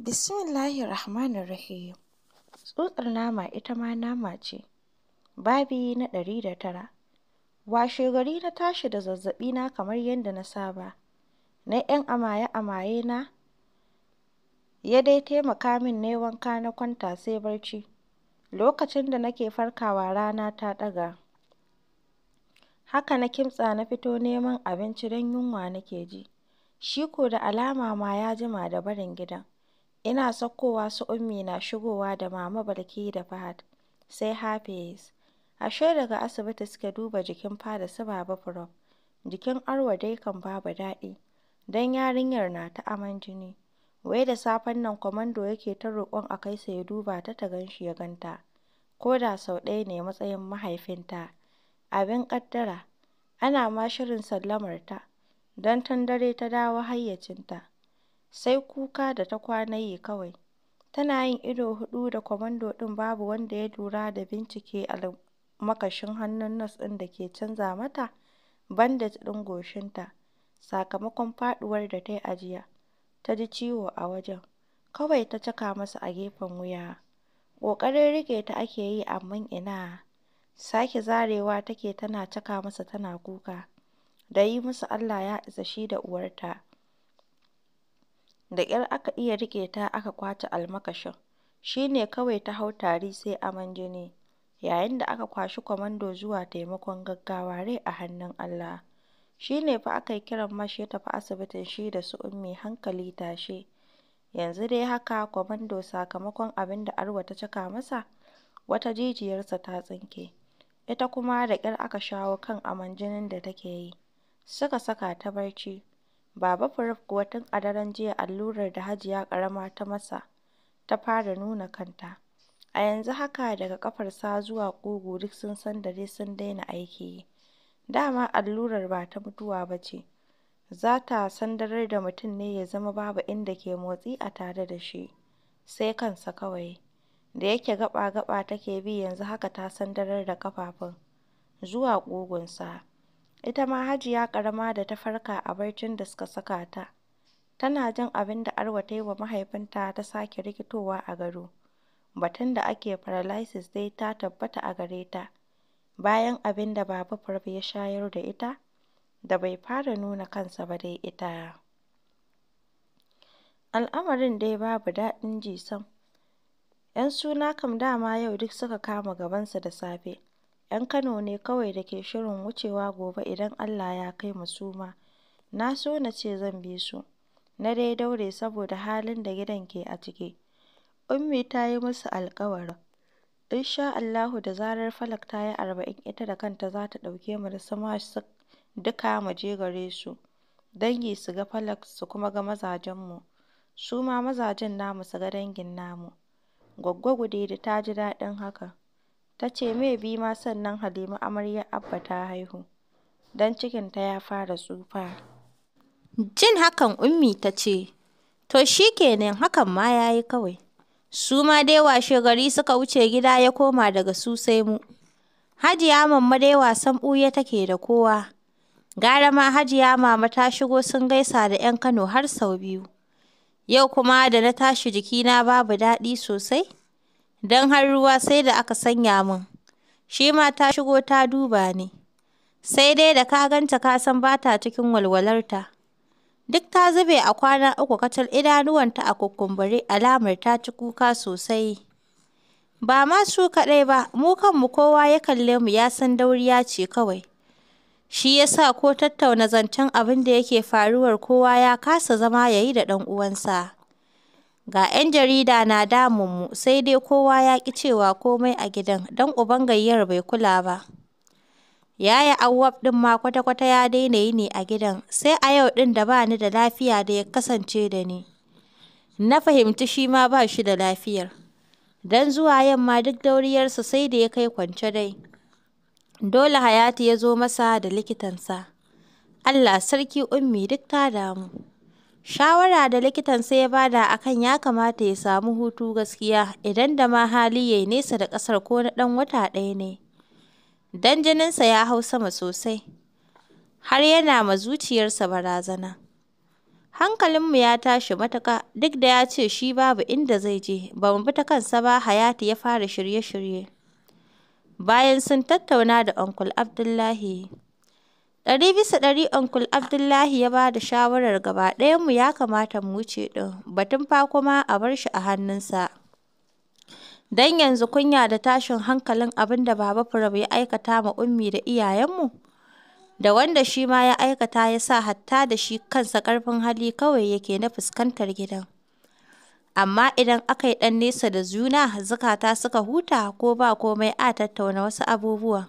Bismillahir Rahmanir Rahim. Tsutsar nama ita ma nama ce. Babi na ɗari da tara. Washe gari na tashi da zazzaɓi na kamar yadda na saba. Na ‘yan amaye-amaye na ya dai taimaka min ne wanka na kwanta sai barci. Lokacin da nake farkawa rana ta ɗaga. Haka na kimtsa na fito neman abinci don yunwa nake ji. Shi ko da alama ma ya jima da barin gidan. Ina saukowa su Ummi na shigowa da Mama Balki da Fahad, sai Hafiz. Ashe daga asibiti suke duba jikin Fada su Baba Prof. Jikin Arwa dai kan babu daɗi, don yarinyar na ta aman jini. Wai da safen nan kwamando yake ta roƙon a kai sai ya duba ta ta gan shi ya ganta. ko da sau ɗaya ne matsayin mahaifinta. Abin ƙaddara, ana ma shirin sallamar ta, don tandare ta dawo hayyacinta. sai kuka da ta kwanayi kawai, tana yin ido huɗu da kwamando ɗin babu wanda ya lura da bincike almakashin hannun nas ɗin da ke canza mata bandej ɗin goshinta sakamakon faɗuwar da ta yi a jiya, ta ji ciwo a wajen, kawai ta caka masa a gefen wuya, ƙoƙarin riƙe ta ake yi amma ina, sake zarewa take tana caka masa tana kuka, da yi musu Allah ya isa shi da uwarta. Da ƙyar aka iya riƙe ta aka ƙwace almakashin, shi ne kawai ta hau tari sai aman jini, yayin da aka kwashi kwamando zuwa taimakon gaggawa rai a hannun Allah. Shi ne fa aka yi kiran mashi tafi asibitin shi da su Ummi hankali tashe. Yanzu dai haka kwamando sakamakon abin da Arwa ta cika masa, wata jijiyarsa ta tsinke, ita kuma da ƙyar aka shawo kan aman jinin da take yi, suka saka ta barci. Baba Furyk kuwa tun a daren jiya allurar da Hajiya ƙarama ta masa ta fara nuna kanta, a yanzu haka daga ƙafarsa zuwa ƙugu duk sun san dare sun daina aiki, Dama allurar ba ta mutuwa ba ce, za ta sandarar da mutum ne ya zama babu inda ke motsi a tare da shi, sai kansa kawai, da yake gaɓa-gaɓa take bi yanzu haka ta sandarar da ƙafafun zuwa ƙugunsa. Ita ma Hajiya karama da ta farka a barcin da suka saka ta, tana jin abin da Arwa ta yi wa mahaifinta ta sake rikitowa a gado. Batun da ake paralysis dai ta tabbata a gare ta, bayan abin da Baba Farba ya shayar da ita, da bai fara nuna kansa ba dai ita. Al'amarin dai babu daɗin jisan ‘Yan suna kam dama yau duk suka kama gabansa da safe. ‘Yan Kano ne kawai da ke shirin wucewa gobe idan Allah ya kai mu suma. ma, na so na ce zan bi su, na dai daure saboda halin da gidan ke a ciki, Ummi ta yi musu alƙawarin, in sha Allahu da zarar Falak ta yi arba'in ita da kanta za ta ɗauke mu da Samash duka mu je gare su, dangi su ga Falak su kuma ga mazajenmu, su ma mazajen namu su ga dangin namu, Goggo Gudedi ta ji daɗin haka. Ta ce mai bi ma sannan Halima amaryar Abba ta haihu, don cikinta ya fara tsufa. Jin hakan Ummi ta ce, to shi kenan hakan ma ya yi kawai. Su ma dai washe gari suka wuce gida ya koma daga su sai mu. Hajiya Mamma dai wasan ɓuya take da kowa. Gara ma Hajiya Mama ta shigo sun gaisa da 'yan Kano har sau biyu. Yau kuma da na tashi jikina babu daɗi sosai. don har ruwa sai da aka sanya min, shi ma ta shigo ta duba ne. sai dai da ka ganta ka san ba ta cikin walwalarta. Duk ta zube a kwana uku kacal idanuwanta a kukumbure alamar ta ci kuka sosai. Ba ma su kaɗai ba, mu kanmu kowa ya kalle mu ya san dauriya ce kawai. Shi ya sa ko tattauna zancen abin da yake faruwar kowa ya kasa zama ya yi da ɗan uwansa. Ga 'yan jarida na damun mu, sai dai kowa ya ƙi cewa komai a gidan don uban gayyar bai kula ba. Yaya Auwaf ɗin ma kwata-kwata ya daina yi ne a gidan, sai a yau ɗin da ba ni da lafiya da ya kasance da ni. Na fahimci shi ma ba shi da lafiyar. Don zuwa yamma duk dauriyarsa sai da ya kai kwance dai. Dole Hayatu ya zo masa da likitansa. Allah sarki ummi duk ta damu. Shawara da likitan likitansa ya bada akan ya kamata ya samu hutu gaskiya idan da ma hali ya nesa da ƙasar ko na ɗan wata ɗaya ne, Dan jininsa ya hau sama sosai, har yana ma zuciyarsa barazana. Hankalinmu ya tashi matuƙa, duk da ya ce shi babu inda zai je, ba mu bi ta kansa ba Hayati ya fara shirye-shirye. Bayan sun tattauna da Uncle Abdullahi. ɗari bisa ɗari Uncle Abdullahi ya ba da shawarar gaba ɗayanmu ya kamata mu wuce ɗin, batun fa kuma a bar shi a hannunsa. Don yanzu kunya da tashin hankalin abin da Baba Firab ya aikata ma Ummi da iyayenmu, da wanda shi ma ya aikata ya sa hatta da shi kansa ƙarfin hali kawai yake na fuskantar gidan. Amma idan aka yi ɗan nesa da juna, zukata suka huta ko ba komai a tattauna wasu abubuwa.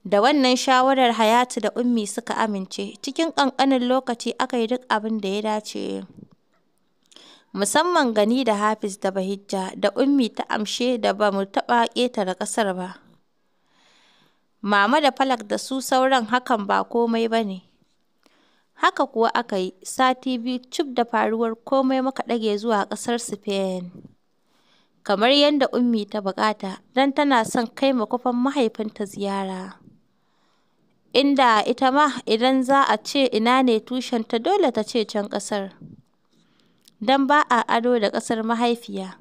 Da wannan shawarar hayatu da Ummi suka amince, cikin ƙanƙanin lokaci aka yi duk abin da ya dace. Musamman Gani da Hafiz da Bahijja da Ummi ta amshe da ba mu taɓa da ƙasar ba. Mama da Falak da su sauran hakan ba komai ba ne. Haka kuwa aka yi, sati biyu cif da faruwar komai muka ɗage zuwa ƙasar Spain. Kamar yadda Ummi ta buƙata, don tana son kai ma kufan mahaifinta ziyara. inda ita ma idan za a ce ina ne tushenta dole ta ce can ƙasar, don ba a ado da ƙasar mahaifiya.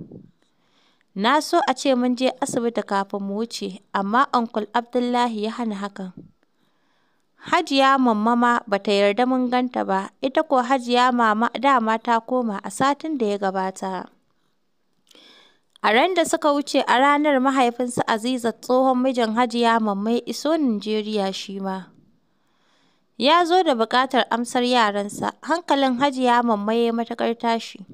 Na so a ce mun je asibiti kafin mu wuce, amma Uncle Abdullahi ya hana hakan. Hajiya Mamma ma ba ta yarda mun ganta ba, ita ko Hajiya Mama dama ta koma a satin da ya gabata. A ran da suka wuce a ranar, mahaifinsa aziza tsohon mijin Hajiya Mamman iso Nijeriya shi ma. Ya zo da buƙatar amsar yaransa, hankalin Hajiya Mamman ya yi matuƙar tashi.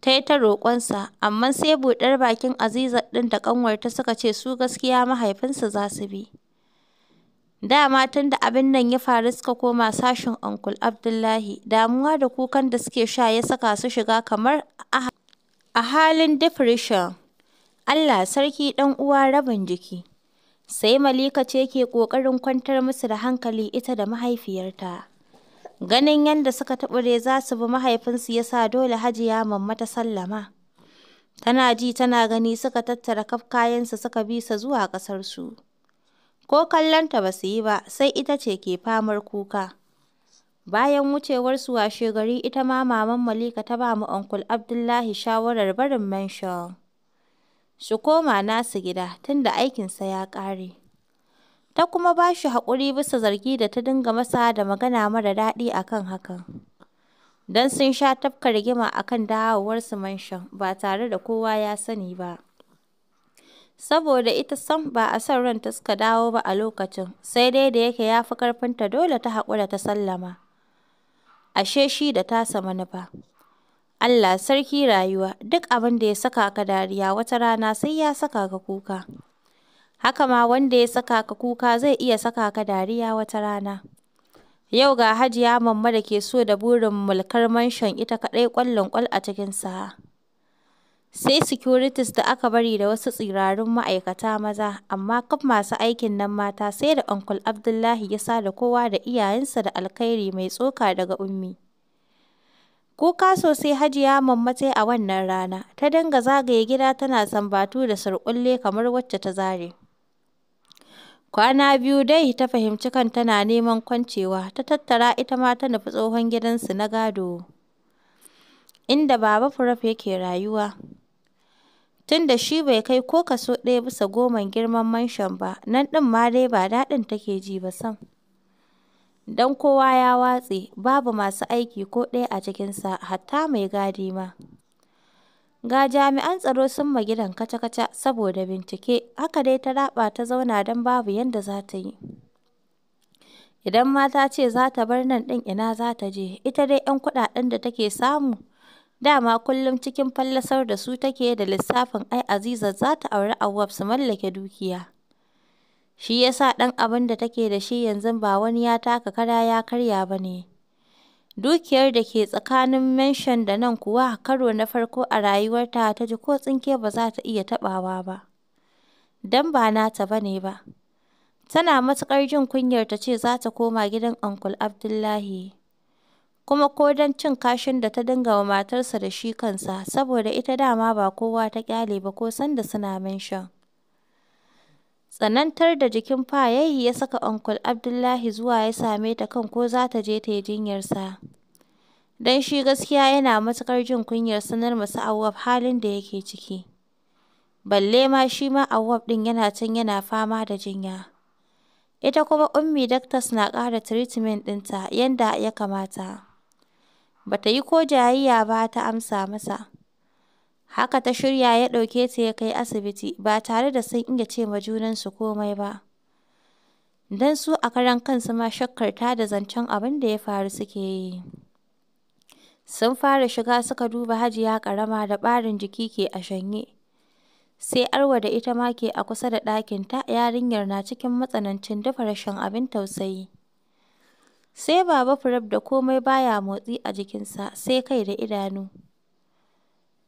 Ta yi ta roƙonsa, amma sai buɗar bakin aziza ɗin da ƙanwarta suka ce su gaskiya mahaifinsa za su bi. Dama tun da abin nan ya faru suka koma sashin Uncle Abdullahi, damuwa da kukan da suke sha ya saka su shiga kamar a A halin depression (Allah sarki ɗan uwa rabin jiki), sai Malika ce ke ƙoƙarin kwantar musu da hankali ita da mahaifiyarta. Ganin yadda suka taɓure za su bi mahaifinsu ya sa dole Hajiya Mamma ta sallama. Tana ji tana gani suka tattara kaf kayansu suka bi sa zuwa ƙasarsu. Ko kallonta ba su yi ba, sai ita ce ke famar kuka. Bayan wucewar su wucewarsu washegari ita ma Maman Malika ta ba mu Uncle Abdullahi shawarar barin Menshon su koma nasu gida tunda aikinsa ya ƙare. Ta kuma ba shi haƙuri bisa zargi da ta dinga masa da magana mara daɗi akan hakan. Don sun sha tafka rigima akan kan dawowarsu Menshon ba tare da kowa ya sani ba. Saboda ita sam ba a son ranta suka dawo ba a lokacin, sai dai da yake ya fi ƙarfinta dole ta haƙura ta sallama. Ashe shi da tasa manufa. Allah sarki rayuwa, duk abin da ya saka ka dariya wata rana sai ya saka ka kuka. Haka ma wanda ya saka ka kuka zai iya saka ka dariya wata rana. Yau ga Hajiya Mamma da ke so da burin mulkar manshan ita kaɗai ƙwallon ƙwal a cikin sa'a. Sai Securities da aka bari da wasu tsirarun ma'aikata maza, amma kan masu aikin nan mata sai da Uncle Abdullahi ya sa da kowa da iyayensa da alkhairi mai tsoka daga Ummi. Kuka sosai Hajiya Mamma a wannan rana, ta dinga zagaye gida tana sambatu da surƙulle kamar wacce ta zare. Kwana biyu dai ta fahimci kan tana neman kwancewa, ta tattara ita ma ta nufi tsohon gidansu na gado, inda Baba furaf yake rayuwa. tun da shi bai kai ko kaso ɗaya bisa goman girman manshan ba, nan ɗin ma dai ba daɗin take ji ba sam. Don kowa ya watse, babu masu aiki ko ɗaya a cikinsa, hatta mai gadi ma. Ga jami'an tsaro sun ma gidan kaca-kaca saboda bincike, haka dai ta raɓa ta zauna don babu yadda za ta yi. Idan mata ce za ta bar nan ɗin ina za ta je, ita dai 'yan kuɗaɗen da take samu dama kullum cikin fallasar da su take da lissafin ai aziza za ta auri awwab su mallake dukiya. Shi yasa sa ɗan abin da take da shi yanzu ba wani ya taka kara ya karya ba ne. Dukiyar da ke tsakanin Menshon da nan kuwa karo na farko a rayuwar ta ji ko tsinke ba za ta iya taɓawa ba. Dan ba nata ba ne ba. Tana matukar jin kunyar ta ce za ta koma gidan Uncle Abdullahi. kuma ko don cin kashin da ta dinga wa matarsa da shi kansa, saboda ita dama ba kowa ta kyale ba ko sanda suna menshan. Tsanantar da jikin fayayi ya saka Uncle Abdullahi zuwa ya same ta kan ko za ta je ta yi jinyarsa. Don shi gaskiya yana matuƙar jin kunyar sanar masu Awwab halin da yake ciki. Balle ma shi ma Awwab ɗin yana can yana fama da jinya. Ita kuma Ummi Doctors na ƙara treatment ɗinta yanda ya kamata. Ba ta yi ko jayayya ba ta amsa masa. Haka ta shirya ya ɗauke ta ya kai asibiti ba tare da sun iya ce ma junansu komai ba. Don su a karan kansu ma shakkar ta da zancen abin da ya faru suke yi. Sun fara shiga suka duba Hajiya ƙarama da ɓarin jiki ke a shanye. Sai Arwa da ita ma ke a kusa da ɗakinta yarinyar na cikin matsanancin dafa rashin abin tausayi. Sai Baba Fred da komai baya motsi a jikinsa sai kai da idanu,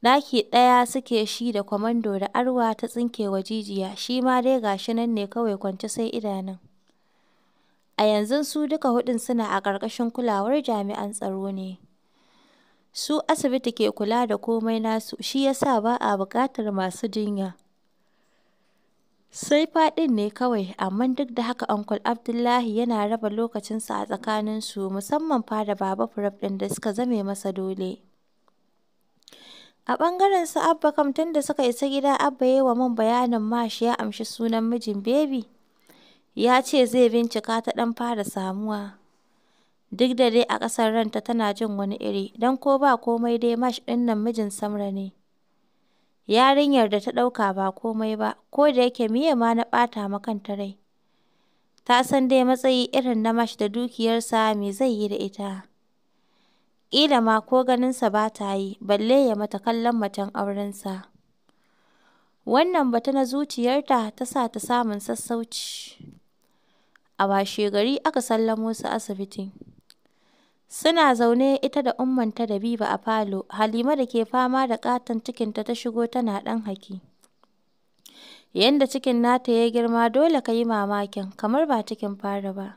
Daki ɗaya suke shi da Kwamando da Arwa ta tsinkewa jijiya, shi ma dai ga shi nan ne kawai kwance sai idanun. A yanzu su duka huɗun suna a ƙarƙashin kulawar jami'an tsaro ne. Su asibiti ke kula da komai nasu, shi ya ba a buƙatar masu jinya. Sai faɗin ne kawai, amma duk da haka Uncle Abdullahi yana raba lokacinsa a tsakaninsu, musamman fa da Baba Prof ɗin da suka zame masa dole. A ɓangaren su Abba kam tun da suka isa gida Abba ya yi wa man bayanin Mash ya amshi sunan mijin Baby. Ya ce zai bincika ta ɗan fara samuwa. Duk da dai a ƙasar ranta tana jin wani iri, don ko ba komai dai Mash ɗin nan mijin Samra ne. yarinyar da ta ɗauka ba komai ba, ko da yake miye ma na ɓata ma kanta rai. Ta san dai matsayi irin na Mash da dukiyarsa me zai yi da ita. Ƙila ma ko ganinsa ba ta yi, balle ya mata kallon macen aurensa. Wannan bata na zuciyarta ta sa ta samun sassauci. A washe gari aka sallamo su asibitin. Suna zaune ita da ummanta da biba a falo, Halima da ke fama da katon cikinta ta shigo tana ɗan haki. Yanda cikin nata ya girma dole ka yi mamakin, kamar ba cikin fara ba.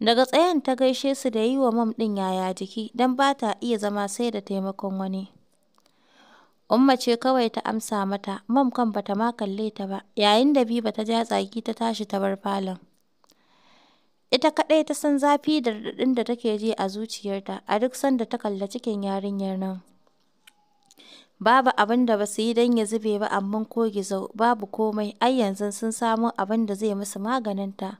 Daga tsayen ta gaishe su da yi wa mam ɗin yaya jiki, don ba ta iya zama sai da taimakon wani. Umma ce kawai ta amsa mata, mam kan bata ma kalle ta ba, yayin da Biba ta ja tsaki ta tashi ta bar falon. Ita kaɗai ta san zafi da raɗaɗin da take ji a zuciyarta a duk sanda ta kalla cikin yarinyar nan. Babu abin da ba su yi don ya zube ba amma ko gizo babu komai ai yanzu sun samo abin da zai musu maganinta.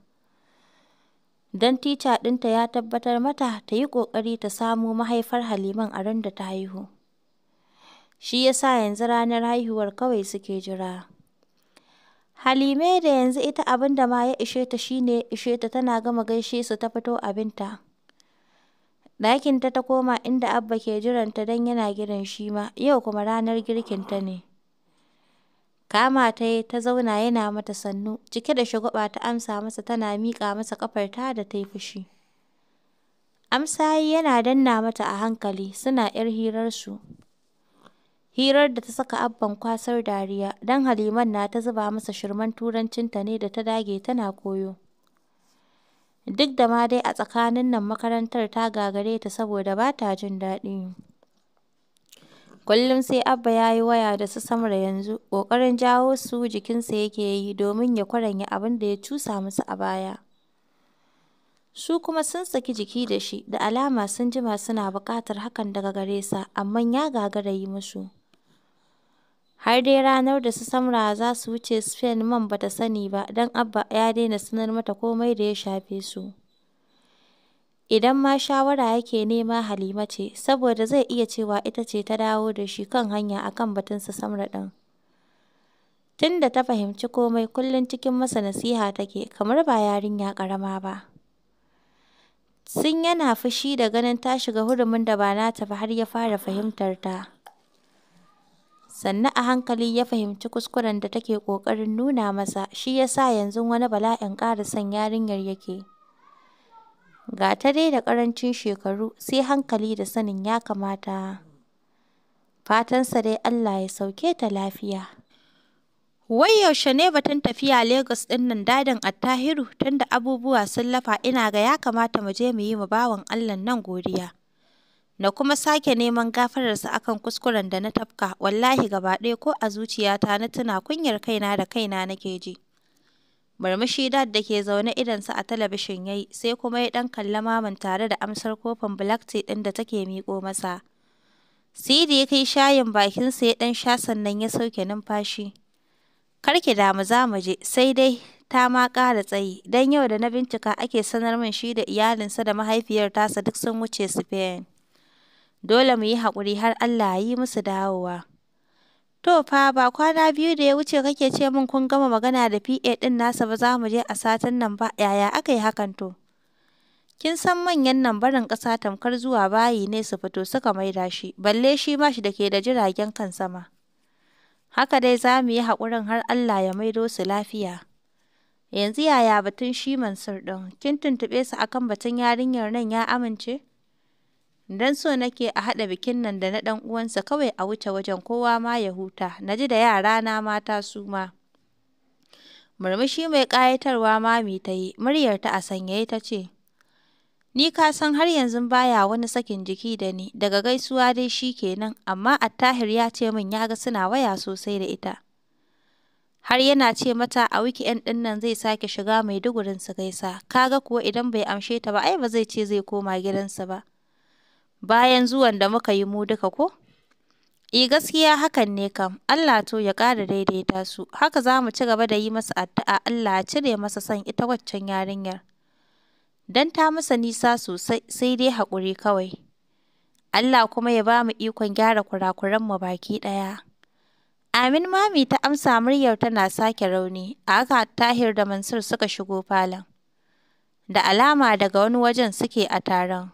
Don tica ɗinta ya tabbatar mata ta yi ƙoƙari ta samo mahaifar Haliman a ran da ta haihu. Shi ya sa yanzu ranar haihuwar kawai suke jira. Halime da yanzu ita abin da ma ya ishe ta shi ishe ta tana gama gaishe su ta fito abinta. Ɗakinta ta koma inda Abba ke jiranta don yana gidan shi ma, yau kuma ranar girkinta ne. Kama ta yi ta zauna yana mata sannu, cike da shagwaɓa ta amsa masa tana miƙa masa ƙafarta da ta yi fushi. Amsa yana danna mata a hankali, suna ‘yar hirarsu. Hirar da ta saka Abban kwasar dariya, don Haliman na ta zuba masa shirman Turancinta ne da ta dage tana koyo. Duk da ma dai a tsakanin nan makarantar ta gagare ta saboda ba ta jin daɗi. Kullum sai Abba ya yi waya da su Samra yanzu, ƙoƙarin jawo su jikinsa yake yi domin ya kwaranya abin da ya cusa musu a baya. Su kuma sun saki jiki da shi, da alama sun jima suna buƙatar hakan daga gare sa, amma ya gagara yi musu. Har dai ranar da su Samra za su wuce Spain man bata sani ba don Abba ya daina sanar mata komai da ya shafe su. Idan ma shawara yake nema Halima ce, saboda zai iya cewa ita ce ta dawo da shi kan hanya akan batun su Samra ɗin. Tun da ta fahimci komai kullum cikin masa nasiha take, kamar ba yarinya ƙarama ba. Sun yana fushi da ganin ta shiga hurumin da ba nata ba har ya fara fahimtar ta. sannu a hankali ya fahimci kuskuren da take ƙoƙarin nuna masa, shi ya sa yanzu wani bala'in ƙara son yarinyar yake. Ga ta dai da ƙarancin shekaru, sai hankali da sanin ya kamata. Fatansa dai Allah ya sauke ta lafiya. Wai yaushe ne batun tafiya Lagos ɗin nan dadin Attahiru tunda abubuwa sun lafa ina ga ya kamata mu je mu yi ma bawan Allah nan godiya. na kuma sake neman gafararsa akan kuskuren da na tafka wallahi gaba ɗaya ko a zuciyata na tuna kunyar kaina da kaina nake ji murmushi dad da ke zaune idansa a talabishin yi, sai kuma ya ɗan kalla maman tare da amsar kofin black tea ɗin da take miƙo masa Sidi ya kai shayin bakinsa ya ɗan sha sannan ya sauke numfashi. Kar ki damu za mu je, sai dai ta ma ƙara tsayi, don yau da na bincika ake sanar min shi da iyalinsa da mahaifiyar tasa duk sun wuce Spain. Dole mu yi haƙuri har Allah ya yi musu dawowa. To fa ba kwana biyu da ya wuce kake ce min kun gama magana da PA ɗin nasa ba za mu je a satin nan ba yaya aka yi hakan to? Kin san manyan nan barin ƙasa tamkar zuwa bayi ne su fito suka maida shi, balle shi ma shi da ke da jiragen kan sama. Haka dai za mu yi haƙurin har Allah ya maido su lafiya. Yanzu yaya batun shi Mansur ɗin, kin tuntuɓe su akan batun yarinyar nan ya amince? Idan so nake a haɗa bikin nan da na ɗan uwansa kawai a wuce wajen kowa ma ya huta, na ji da na mata su ma. Murmushi mai ƙayatarwa Mami ta yi, muryarta a sanyaye ta ce, Ni ka san har yanzu baya wani sakin jiki da ni, daga gaisuwa dai shi kenan, amma At-Tahir ya ce min ya ga suna waya sosai da ita. Har yana ce mata a yan ɗin nan zai sake shiga mai dugurin su gaisa, kaga kuwa idan bai amshe ta ba ai ba zai ce zai koma gidansa ba. bayan zuwan da muka yi mu duka ko? E gaskiya hakan ne kam, Allah to ya ƙara daidaita su, haka za mu ci gaba da yi masa addu'a Allah ya cire masa son ita waccan yarinyar. Don ta masa nisa sosai sai dai haƙuri kawai. Allah kuma ya ba mu ikon gyara kurakuranmu baki ɗaya. Amin mami ta amsa muryar tana sake rauni, a haka Tahir da Mansur suka shigo falon. Da alama daga wani wajen suke a taron.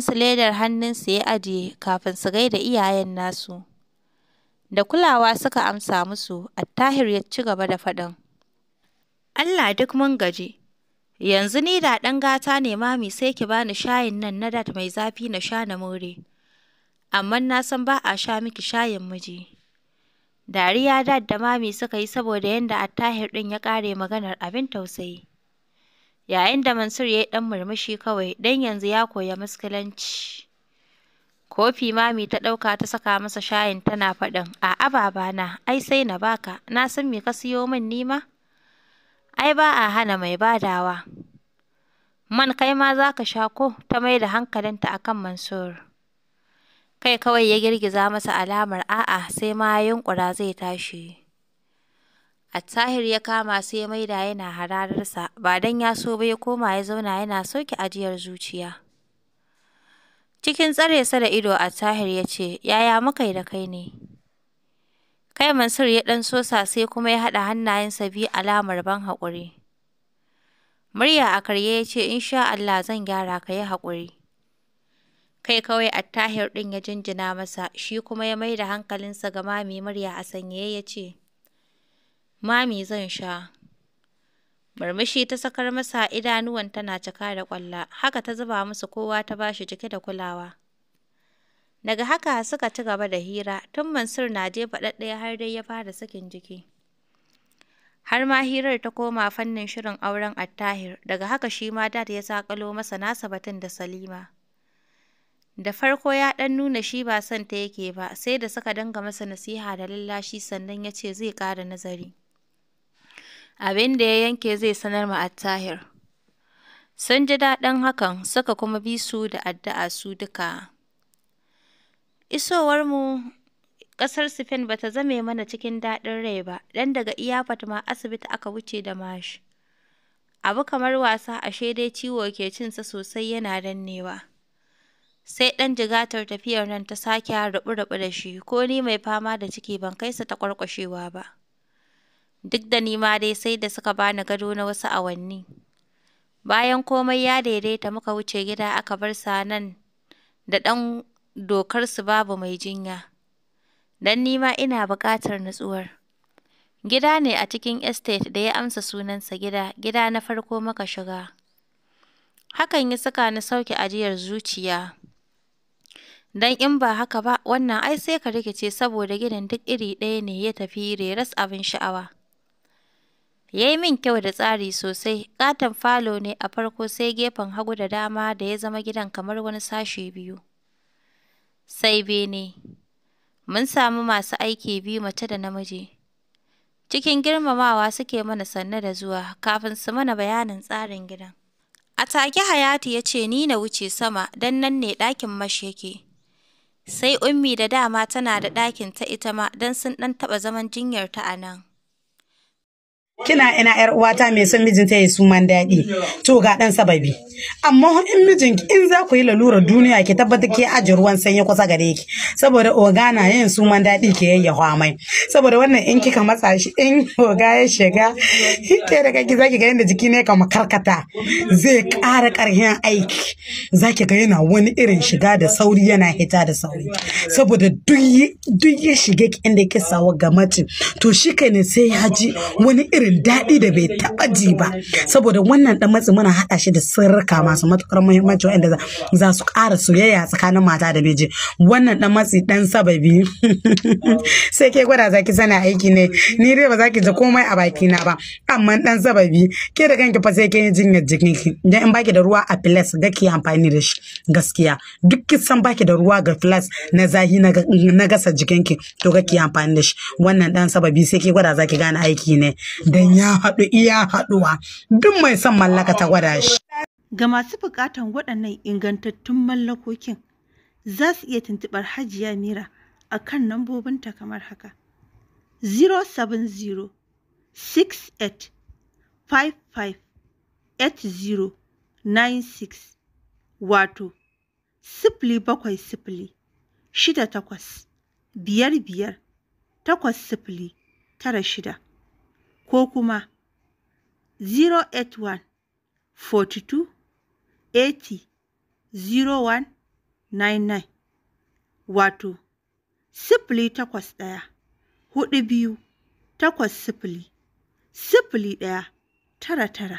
su ledar hannunsu ya ajiye kafin su gaida iyayen nasu. Da kulawa suka amsa musu, Attahir ya ci gaba da faɗin. Allah duk mun gaji, yanzu ni da ɗan gata ne mami sai ki bani shayin nan na dat mai zafi na sha na more, amma na san ba a sha miki shayin miji. Dariya dad da mami suka yi saboda yadda Attahir ɗin ya ƙare maganar abin tausayi. yayin da Mansur ya yi ɗan murmushi kawai don yanzu ya koya Muskilanci. Kofi Mami ta ɗauka ta saka masa shayin tana faɗin, a'a babana, ai sai na baka, na san me ka siyo min nima? Ai ba a hana mai badawa. Man kai ma za ka sha ko ta mai da hankalinta a kan Mansur. Kai kawai ya girgiza masa alamar a'a sai ma yunƙura zai tashi. Attahir ya kama sai ya maida yana hararsa, ba don ya so ba ya koma ya zauna yana soke ajiyar zuciya. Cikin tsare sa da ido Attahir ya ce, Yaya muka yi da kai ne? Kai Mansur ya ɗan sosa sai kuma ya haɗa hannayensa biyu alamar ban haƙuri. Murya a karye ya ce, sha Allah zan gyara ka yi haƙuri. Kai kawai Attahir ɗin ya jinjina masa, shi kuma ya maida hankalinsa ga mami murya a sanyaye ya ce, Mami zan sha. Murmushi ta sakar masa idanuwan tana cika da ƙwalla, haka ta zuba musu kowa ta ba shi jiki da kulawa. Daga haka suka ci gaba da hira, tun Mansur na jefa ɗaɗɗaya har dai ya fara sakin jiki. Har ma hirar ta koma fannin shirin auren Attahir, daga haka shi ma Dad ya saƙalo masa nasa batun da Salima. Da farko ya ɗan nuna shi ba son ta yake ba, sai da suka danga masa nasiha da lallashi sannan ya ce zai ƙara nazari. abin da ya yanke zai sanar ma Attahir. Sun ji daɗin hakan suka kuma bi su da addu'a su duka. Isowarmu ƙasar Spain ba ta zame mana cikin daɗin rai ba, don daga iya ma asibiti aka wuce da mashi. Abu kamar wasa ashe dai ciwo ke cinsa sosai yana dannewa. Sai ɗan jigatar tafiyar nan ta sake rubu-rubu da shi, ko ni mai fama da ciki ban kai sa ta ƙwarƙwashewa ba. Duk da nima dai sai da suka bani gado na wasu awanni. Bayan komai ya daidaita muka wuce gida aka bar sa nan da ɗan dokar su babu mai jinya. Dan nima ina buƙatar nutsuwar. Gida ne a cikin estate da ya amsa sunansa gida, gida na farko muka shiga. Hakan ya saka ni sauke ajiyar zuciya. Dan in ba haka ba, wannan ai sai ka rikice saboda gidan duk iri ɗaya ne ya tafi reras abin sha'awa. Ya yi min kyau da tsari sosai, katon falo ne a farko sai gefen hagu da dama da ya zama gidan kamar wani sashe biyu. Sai bene. Mun samu masu aiki biyu mace da namiji. Cikin girmamawa suke mana sanne da zuwa kafin su mana bayanin tsarin gidan. A take Hayatu ya ce ni na wuce sama don nan ne ɗakin mash yake. Sai Ummi da dama tana da ɗakin ta ita ma don sun ɗan taɓa zaman jinyarta a nan. kina ina yar uwata mai son mijinta ya suman daɗi to ga ɗan sababi amma in mijinki in za ku yi lalura duniya ki tabbata ke aji ruwan sanyi kusa gare ki saboda ogana yin suman daɗi ke yayyawa mai saboda wannan in kika matsa shi in oga ya shiga ke daga ki zaki ga yanda jiki ne kama karkata zai ƙara ƙarfin aiki zaki ga yana wani irin shiga da sauri yana hita da sauri saboda duk ya shige inda ki sawa ga mace to shi kai ne sai ya ji wani irin jin daɗi da bai taɓa ji ba saboda wannan ɗan matsi muna haɗa shi da sirrika masu matuƙar muhimmanci wanda za su ƙara soyayya tsakanin mata da miji wannan ɗan matsi ɗan sababi sai ke gwada za ki sana aiki ne ni dai ba za ki ji komai a baki na ba amma ɗan sababi ke da kanki fa sai ke jinyar jikinki dan in baki da ruwa a filas ga ki amfani da shi gaskiya duk kisan baki da ruwa ga filas na zahi na gasa jikinki to ga ki amfani da shi wannan ɗan sababi sai ke gwada za ki gane aiki ne don ya haɗu iya haɗuwa duk mai son mallaka ta gwada shi. Ga masu buƙatan waɗannan ingantattun mallakokin za su iya tuntuɓar Hajiya Mira a kan lambobinta kamar haka. 070 68 55 80 wato sifili bakwai sifili shida takwas biyar biyar takwas sifili tara shida. ko kuma 081 42 80 0199 wato, sifili takwas ɗaya huɗu biyu takwas sifili, sifili ɗaya tara tara.